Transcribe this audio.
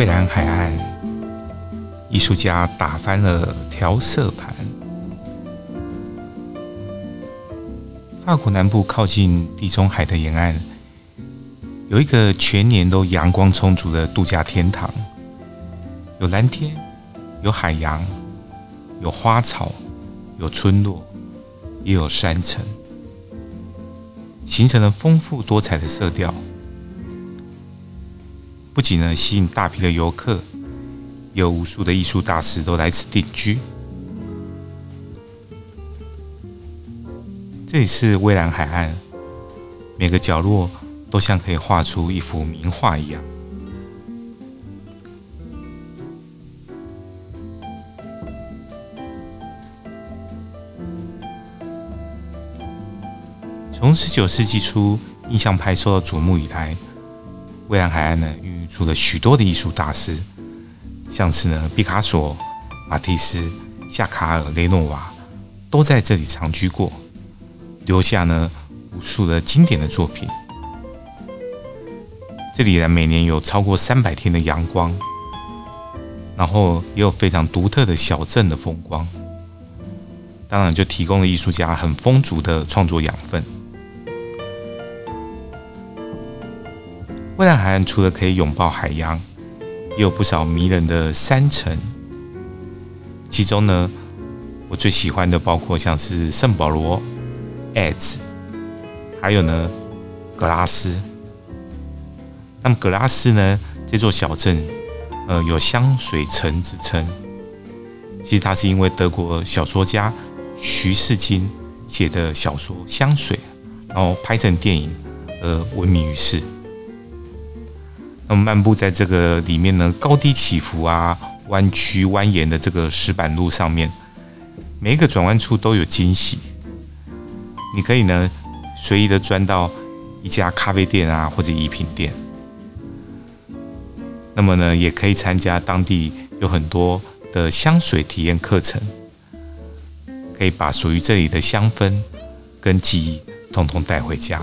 蔚藍海岸，藝術家打翻了調色盤。法國南部靠近地中海的沿岸，有一個全年都陽光充足的度假天堂，有藍天，有海洋，有花草，有村落，也有山城，形成了豐富多彩的色調。不僅能吸引大批的遊客，也有無數的藝術大師都來此定居。這裡是蔚藍海岸，每個角落都像可以畫出一幅名畫一樣。從十九世紀初印象派受到矚目以來，蔚藍海岸呢，孕育出了許多的藝術大師，像是呢，畢卡索、馬蒂斯、夏卡爾、雷諾瓦，都在這裡長居過，留下呢無數的經典的作品。這裡呢，每年有超過三百天的陽光，然後也有非常獨特的小鎮的風光，當然就提供了藝術家很豐足的創作養分。蔚藍海岸除了可以擁抱海洋，也有不少迷人的山城。其中呢，我最喜歡的包括像是聖保羅、艾茲，還有呢格拉斯。那麼格拉斯呢，這座小鎮，呃，有香水城之稱。其實它是因為德國小說家徐四金寫的小說《香水》，然後拍成電影，呃，聞名於世。那麼漫步在這個裡面呢，高低起伏啊、彎曲蜿蜒的這個石板路上面，每一個轉彎處都有驚喜。你可以呢隨意的鑽到一家咖啡店啊，或者飲品店。那麼呢，也可以參加當地有很多的香水體驗課程，可以把屬於這裡的香氛跟記憶通通帶回家。